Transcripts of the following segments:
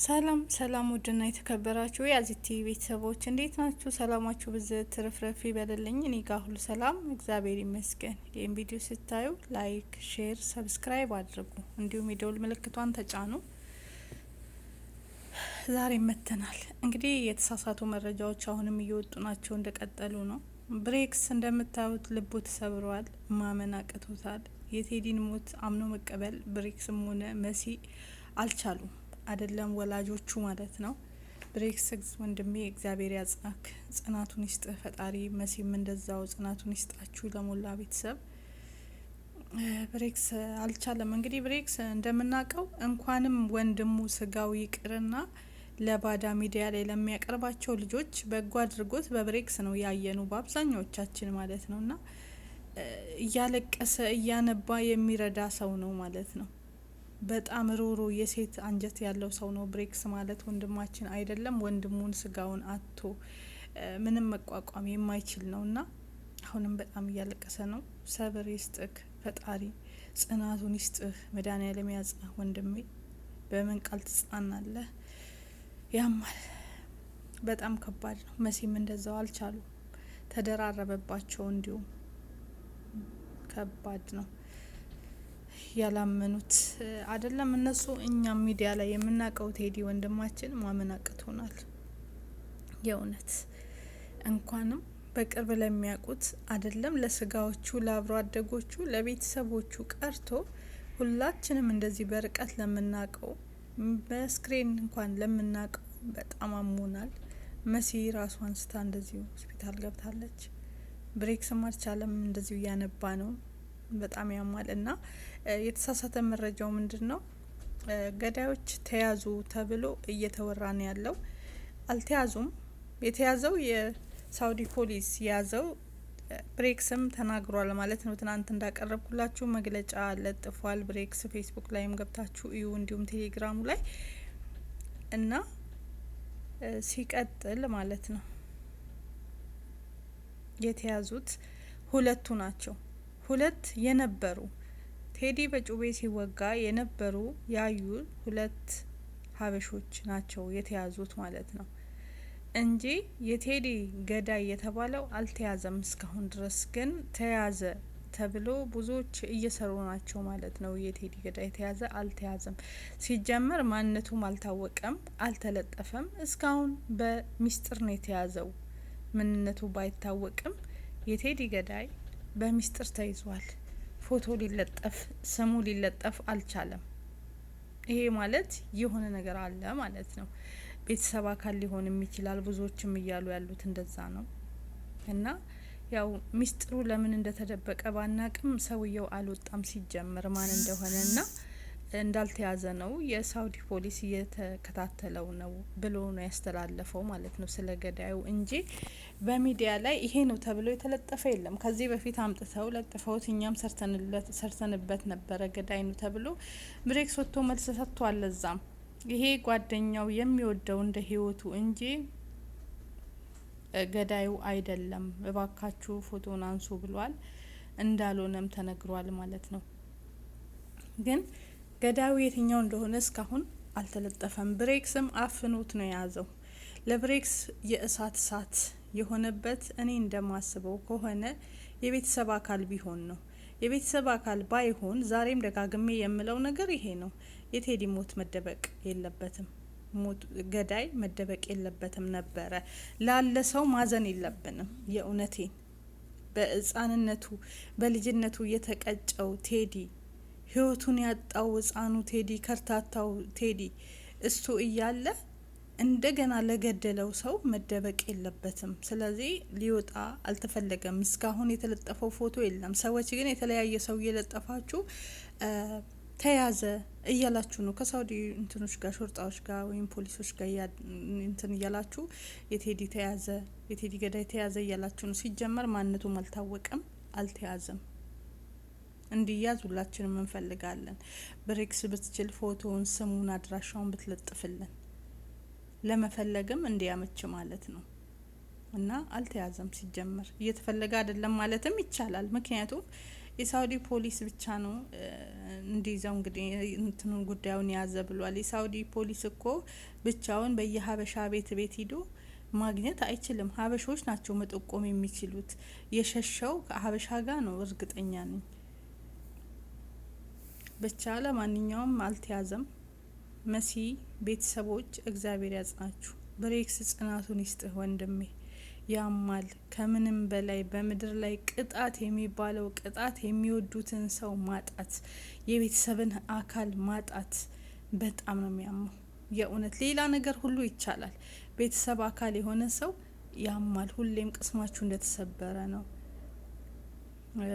ሰላም ሰላም ውድና የተከበራችሁ የአዚቲ ቤተሰቦች እንዴት ናችሁ? ሰላማችሁ ብዝ ትርፍረፍ ይበልልኝ። እኔ ጋር ሁሉ ሰላም እግዚአብሔር ይመስገን። ይህም ቪዲዮ ስታዩ ላይክ፣ ሼር፣ ሰብስክራይብ አድርጉ እንዲሁም የደውል ምልክቷን ተጫኑ። ዛሬ ይመተናል እንግዲህ የተሳሳቱ መረጃዎች አሁንም እየወጡ ናቸው፣ እንደቀጠሉ ነው። ብሬክስ እንደምታዩት ልቡ ተሰብሯል፣ ማመን አቅቶታል። የቴዲን ሞት አምኖ መቀበል ብሬክስም ሆነ መሲ አልቻሉም። አይደለም ወላጆቹ ማለት ነው። ብሬክስ ወንድሜ እግዚአብሔር ያጽናክ፣ ጽናቱን ይስጥ ፈጣሪ። መሲም እንደዛው ጽናቱን ይስጣችሁ ለሞላ ቤተሰብ። ብሬክስ አልቻለም እንግዲህ ብሬክስ እንደምናውቀው እንኳንም ወንድሙ ስጋው ይቅርና ለባዳ ሚዲያ ላይ ለሚያቀርባቸው ልጆች በጎ አድርጎት በብሬክስ ነው ያየኑ በአብዛኛዎቻችን ማለት ነው። እና እያለቀሰ እያነባ የሚረዳ ሰው ነው ማለት ነው። በጣም ሮሮ የሴት አንጀት ያለው ሰው ነው ብሬክስ ማለት ወንድማችን አይደለም። ወንድሙን ስጋውን አቶ ምንም መቋቋም የማይችል ነው እና አሁንም በጣም እያለቀሰ ነው። ሰብር ይስጥህ ፈጣሪ ጽናቱን ይስጥህ መዳን ያጽናህ ወንድሜ። በምን ቃል ትጽናናለህ? ያማል። በጣም ከባድ ነው። መሲም እንደዛው አልቻሉ ተደራረበባቸው። እንዲሁም ከባድ ነው። ያላመኑት አይደለም እነሱ እኛም ሚዲያ ላይ የምናውቀው ቴዲ ወንድማችን ማመን አቅቶናል። የእውነት እንኳንም በቅርብ ለሚያውቁት አይደለም ለስጋዎቹ፣ ለአብሮ አደጎቹ፣ ለቤተሰቦቹ ቀርቶ ሁላችንም እንደዚህ በርቀት ለምናውቀው በስክሪን እንኳን ለምናውቀው በጣም አሞናል። መሲ ራሱ አንስታ እንደዚሁ ሆስፒታል ገብታለች። ብሬክስም አልቻለም። እንደዚሁ እያነባ ነው በጣም ያማል። እና የተሳሳተ መረጃው ምንድን ነው? ገዳዮች ተያዙ ተብሎ እየተወራ ነው ያለው። አልተያዙም። የተያዘው የሳውዲ ፖሊስ የያዘው ብሬክስም ተናግሯል ማለት ነው። ትናንት እንዳቀረብኩላችሁ መግለጫ ለጥፏል ብሬክስ። ፌስቡክ ላይም ገብታችሁ እዩ፣ እንዲሁም ቴሌግራሙ ላይ እና ሲቀጥል ማለት ነው የተያዙት ሁለቱ ናቸው። ሁለት የነበሩ ቴዲ በጩቤ ሲወጋ የነበሩ ያዩ ሁለት ሀበሾች ናቸው የተያዙት ማለት ነው እንጂ የቴዲ ገዳይ የተባለው አልተያዘም። እስካሁን ድረስ ግን ተያዘ ተብሎ ብዙዎች እየሰሩ ናቸው ማለት ነው። የቴዲ ገዳይ የተያዘ አልተያዘም። ሲጀመር ማንነቱም አልታወቀም፣ አልተለጠፈም። እስካሁን በሚስጥር ነው የተያዘው። ምንነቱ ባይታወቅም የቴዲ ገዳይ በሚስጥር ተይዟል። ፎቶ ሊለጠፍ ስሙ ሊለጠፍ አልቻለም። ይሄ ማለት የሆነ ነገር አለ ማለት ነው። ቤተሰብ አካል ሊሆንም ይችላል። ብዙዎችም እያሉ ያሉት እንደዛ ነው እና ያው ሚስጥሩ ለምን እንደተደበቀ ባናቅም ሰውየው አልወጣም ሲጀምር ማን እንደሆነ እና እንዳልተያዘ ነው የሳውዲ ፖሊስ እየተከታተለው ነው ብሎ ነው ያስተላለፈው ማለት ነው ስለ ገዳዩ እንጂ በሚዲያ ላይ ይሄ ነው ተብሎ የተለጠፈ የለም። ከዚህ በፊት አምጥተው ለጥፈውት እኛም ሰርተንበት ነበረ ገዳይ ነው ተብሎ ብሬክስ ወጥቶ መልስ ሰጥቶ አለዛም ይሄ ጓደኛው የሚወደው እንደ ህይወቱ እንጂ ገዳዩ አይደለም፣ እባካችሁ ፎቶን አንሱ ብሏል። እንዳልሆነም ተነግሯል ማለት ነው ግን ገዳዩ የትኛው እንደሆነ እስካሁን አልተለጠፈም። ብሬክስም አፍኖት ነው የያዘው። ለብሬክስ የእሳት እሳት የሆነበት እኔ እንደማስበው ከሆነ የቤተሰብ አካል ቢሆን ነው። የቤተሰብ አካል ባይሆን ዛሬም ደጋግሜ የምለው ነገር ይሄ ነው። የቴዲ ሞት መደበቅ የለበትም። ሞት ገዳይ መደበቅ የለበትም ነበረ። ላለ ሰው ማዘን የለብንም። የእውነቴን በህፃንነቱ በልጅነቱ የተቀጨው ቴዲ ህይወቱን ያጣው ህፃኑ ቴዲ ከርታታው ቴዲ እሱ እያለ እንደገና ለገደለው ሰው መደበቅ የለበትም። ስለዚህ ሊወጣ አልተፈለገም። እስካሁን የተለጠፈው ፎቶ የለም። ሰዎች ግን የተለያየ ሰው እየለጠፋችሁ ተያዘ እያላችሁ ነው። ከሳውዲ እንትኖች ጋር ሾርጣዎች ጋር ወይም ፖሊሶች ጋር እንትን እያላችሁ የቴዲ ተያዘ የቴዲ ገዳይ ተያዘ እያላችሁ ነው። ሲጀመር ማንነቱም አልታወቀም፣ አልተያዘም። እንዲያዝ ሁላችንም እንፈልጋለን። ብሬክስ ብትችል ፎቶውን፣ ስሙን፣ አድራሻውን ብትለጥፍልን ለመፈለግም እንዲያመች ማለት ነው። እና አልተያዘም ሲጀመር እየተፈለገ አይደለም ማለትም ይቻላል። ምክንያቱም የሳውዲ ፖሊስ ብቻ ነው እንዲይዘው እንግዲህ እንትኑ ጉዳዩን የያዘ ብሏል። የሳውዲ ፖሊስ እኮ ብቻውን በየሀበሻ ቤት ቤት ሂዶ ማግኘት አይችልም። ሀበሾች ናቸው መጠቆም የሚችሉት። የሸሸው ከሀበሻ ጋር ነው እርግጠኛ ነኝ። ብቻ ማንኛውም አልተያዘም። መሲ ቤተሰቦች እግዚአብሔር ያጽናችሁ፣ ብሬክስ ጽናቱን ይስጥህ ወንድሜ። ያማል ከምንም በላይ በምድር ላይ ቅጣት የሚባለው ቅጣት የሚወዱትን ሰው ማጣት፣ የቤተሰብን አካል ማጣት በጣም ነው የሚያመው። የእውነት ሌላ ነገር ሁሉ ይቻላል፣ ቤተሰብ አካል የሆነ ሰው ያማል። ሁሌም ቅስማችሁ እንደተሰበረ ነው።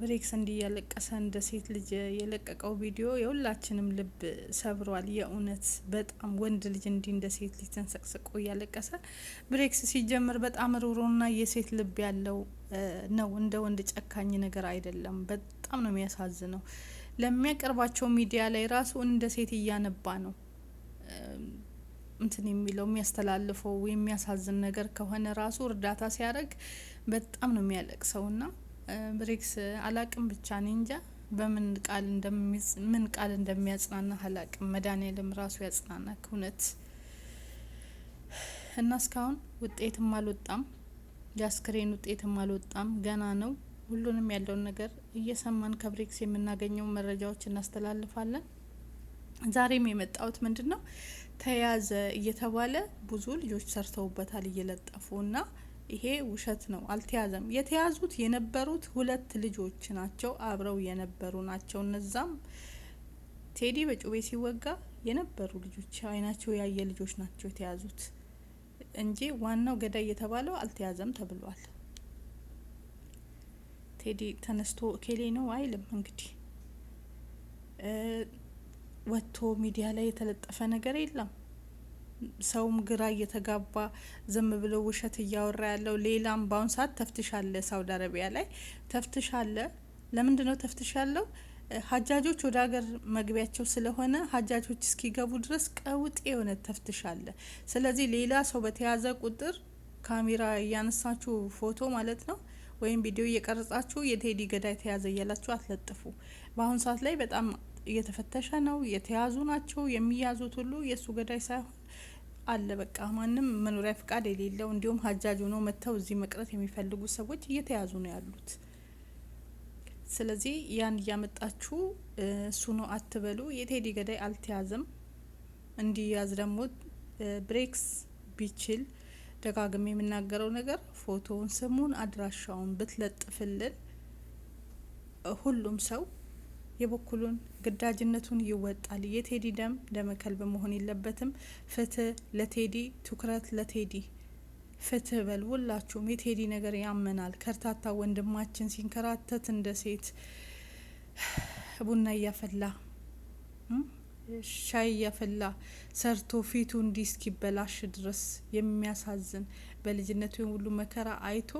ብሬክስ እንዲህ እያለቀሰ እንደ ሴት ልጅ የለቀቀው ቪዲዮ የሁላችንም ልብ ሰብሯል። የእውነት በጣም ወንድ ልጅ እንዲህ እንደ ሴት ልጅ ተንሰቅስቆ እያለቀሰ ብሬክስ ሲጀምር በጣም ሩሮና የሴት ልብ ያለው ነው። እንደ ወንድ ጨካኝ ነገር አይደለም። በጣም ነው የሚያሳዝነው። ለሚያቀርባቸው ሚዲያ ላይ ራሱ እንደ ሴት እያነባ ነው እንትን የሚለው የሚያስተላልፈው። የሚያሳዝን ነገር ከሆነ ራሱ እርዳታ ሲያደርግ በጣም ነው የሚያለቅሰውና ብሬክስ አላቅም ብቻ ነኝ እንጃ በምን ቃል ምን ቃል እንደሚያጽናና አላቅም። መድኃኒዓለም ራሱ ያጽናና እውነት እና እስካሁን ውጤትም አልወጣም፣ የአስክሬን ውጤትም አልወጣም፣ ገና ነው። ሁሉንም ያለውን ነገር እየሰማን ከብሬክስ የምናገኘው መረጃዎች እናስተላልፋለን። ዛሬም የመጣሁት ምንድን ነው ተያዘ እየተባለ ብዙ ልጆች ሰርተውበታል እየለጠፉ እና ይሄ ውሸት ነው፣ አልተያዘም። የተያዙት የነበሩት ሁለት ልጆች ናቸው፣ አብረው የነበሩ ናቸው። እነዛም ቴዲ በጩቤ ሲወጋ የነበሩ ልጆች አይናቸው ያየ ልጆች ናቸው የተያዙት እንጂ ዋናው ገዳይ የተባለው አልተያዘም ተብሏል። ቴዲ ተነስቶ ኬሌ ነው አይልም እንግዲህ ወጥቶ ሚዲያ ላይ የተለጠፈ ነገር የለም። ሰውም ግራ እየተጋባ ዝም ብሎ ውሸት እያወራ ያለው ሌላም በአሁን ሰዓት ተፍትሽ አለ፣ ሳውዲ አረቢያ ላይ ተፍትሽ አለ። ለምንድን ነው ተፍትሽ ያለው? ሀጃጆች ወደ ሀገር መግቢያቸው ስለሆነ ሀጃጆች እስኪገቡ ድረስ ቀውጤ የሆነ ተፍትሽ አለ። ስለዚህ ሌላ ሰው በተያዘ ቁጥር ካሜራ እያነሳችሁ ፎቶ ማለት ነው ወይም ቪዲዮ እየቀረጻችሁ የቴዲ ገዳይ ተያዘ እያላችሁ አትለጥፉ። በአሁን ሰዓት ላይ በጣም እየተፈተሸ ነው፣ የተያዙ ናቸው። የሚያዙት ሁሉ የእሱ ገዳይ ሳይሆን አለ። በቃ ማንም መኖሪያ ፍቃድ የሌለው እንዲሁም ሀጃጅ ሆነው መጥተው እዚህ መቅረት የሚፈልጉ ሰዎች እየተያዙ ነው ያሉት። ስለዚህ ያን እያመጣችሁ እሱ ነው አትበሉ። የቴዲ ገዳይ አልተያዘም። እንዲያዝ ደግሞ ብሬክስ ቢችል ደጋግሜ የምናገረው ነገር ፎቶውን፣ ስሙን፣ አድራሻውን ብትለጥፍልን ሁሉም ሰው የበኩሉን ግዳጅነቱን ይወጣል። የቴዲ ደም ደመ ከልብ መሆን የለበትም። ፍትህ ለቴዲ፣ ትኩረት ለቴዲ፣ ፍትህ በል ሁላችሁም። የቴዲ ነገር ያመናል። ከርታታ ወንድማችን ሲንከራተት እንደ ሴት ቡና እያፈላ ሻይ እያፈላ ሰርቶ ፊቱ እንዲህ እስኪበላሽ ድረስ የሚያሳዝን በልጅነቱ ሁሉ መከራ አይቶ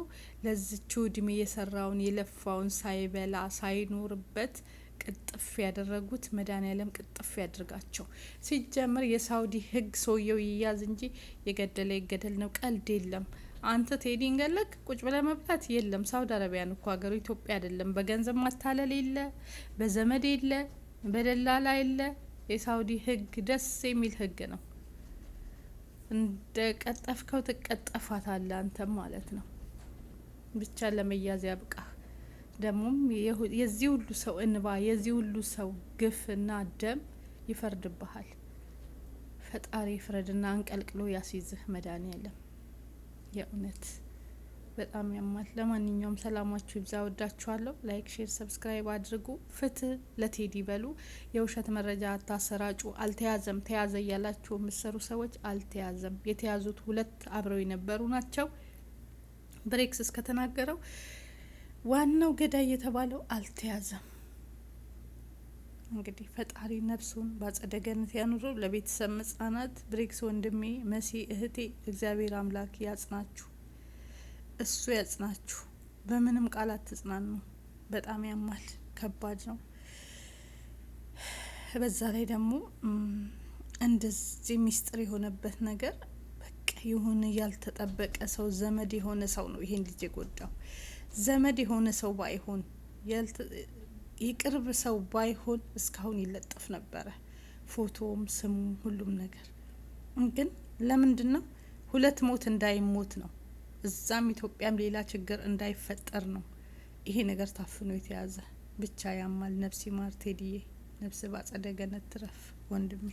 ለዝቹ እድሜ የሰራውን የለፋውን ሳይበላ ሳይኖርበት ቅጥፍ ያደረጉት መድኃኔዓለም ቅጥፍ ያድርጋቸው። ሲጀምር የሳውዲ ህግ ሰውየው ይያዝ እንጂ የገደለ ይገደል ነው። ቀልድ የለም። አንተ ቴዲን ገለክ ቁጭ ብለ መብላት የለም። ሳውዲ አረቢያን እኮ ሀገሩ ኢትዮጵያ አይደለም። በገንዘብ ማታለል የለ፣ በዘመድ የለ፣ በደላላ የለ። የሳውዲ ህግ ደስ የሚል ህግ ነው። እንደ ቀጠፍከው ትቀጠፋታለህ አንተም ማለት ነው። ብቻ ለመያዝ ያብቃ። ደግሞም የዚህ ሁሉ ሰው እንባ የዚህ ሁሉ ሰው ግፍና ደም ይፈርድብሃል። ፈጣሪ ፍረድና አንቀልቅሎ ያስይዝህ የለም የእውነት በጣም ያማል። ለማንኛውም ሰላማችሁ ይብዛ፣ ወዳችኋለሁ። ላይክ፣ ሼር፣ ሰብስክራይብ አድርጉ። ፍትህ ለቴዲ በሉ። የውሸት መረጃ አታሰራጩ። አልተያዘም ተያዘ እያላችሁ የምትሰሩ ሰዎች አልተያዘም። የተያዙት ሁለት አብረው የነበሩ ናቸው። ብሬክስ እስከተናገረው ዋናው ገዳይ የተባለው አልተያዘም። እንግዲህ ፈጣሪ ነፍሱን በአጸደ ገነት ያኑረው። ለቤተሰብ መጽናናት፣ ብሬክስ ወንድሜ፣ መሲ እህቴ፣ እግዚአብሔር አምላክ ያጽናችሁ፣ እሱ ያጽናችሁ። በምንም ቃላት ትጽናኑ። በጣም ያማል፣ ከባድ ነው። በዛ ላይ ደግሞ እንደዚህ ሚስጥር የሆነበት ነገር በቃ የሆነ ያልተጠበቀ ሰው ዘመድ የሆነ ሰው ነው ይሄን ልጅ የጎዳው። ዘመድ የሆነ ሰው ባይሆን የቅርብ ሰው ባይሆን እስካሁን ይለጠፍ ነበረ፣ ፎቶም ስሙም ሁሉም ነገር። ግን ለምንድን ነው ሁለት ሞት እንዳይሞት ነው፣ እዛም ኢትዮጵያም ሌላ ችግር እንዳይፈጠር ነው ይሄ ነገር ታፍኖ የተያዘ። ብቻ ያማል። ነፍስ ይማር ቴዲዬ፣ ነፍስ ባጸደ ገነት ትረፍ ወንድሜ።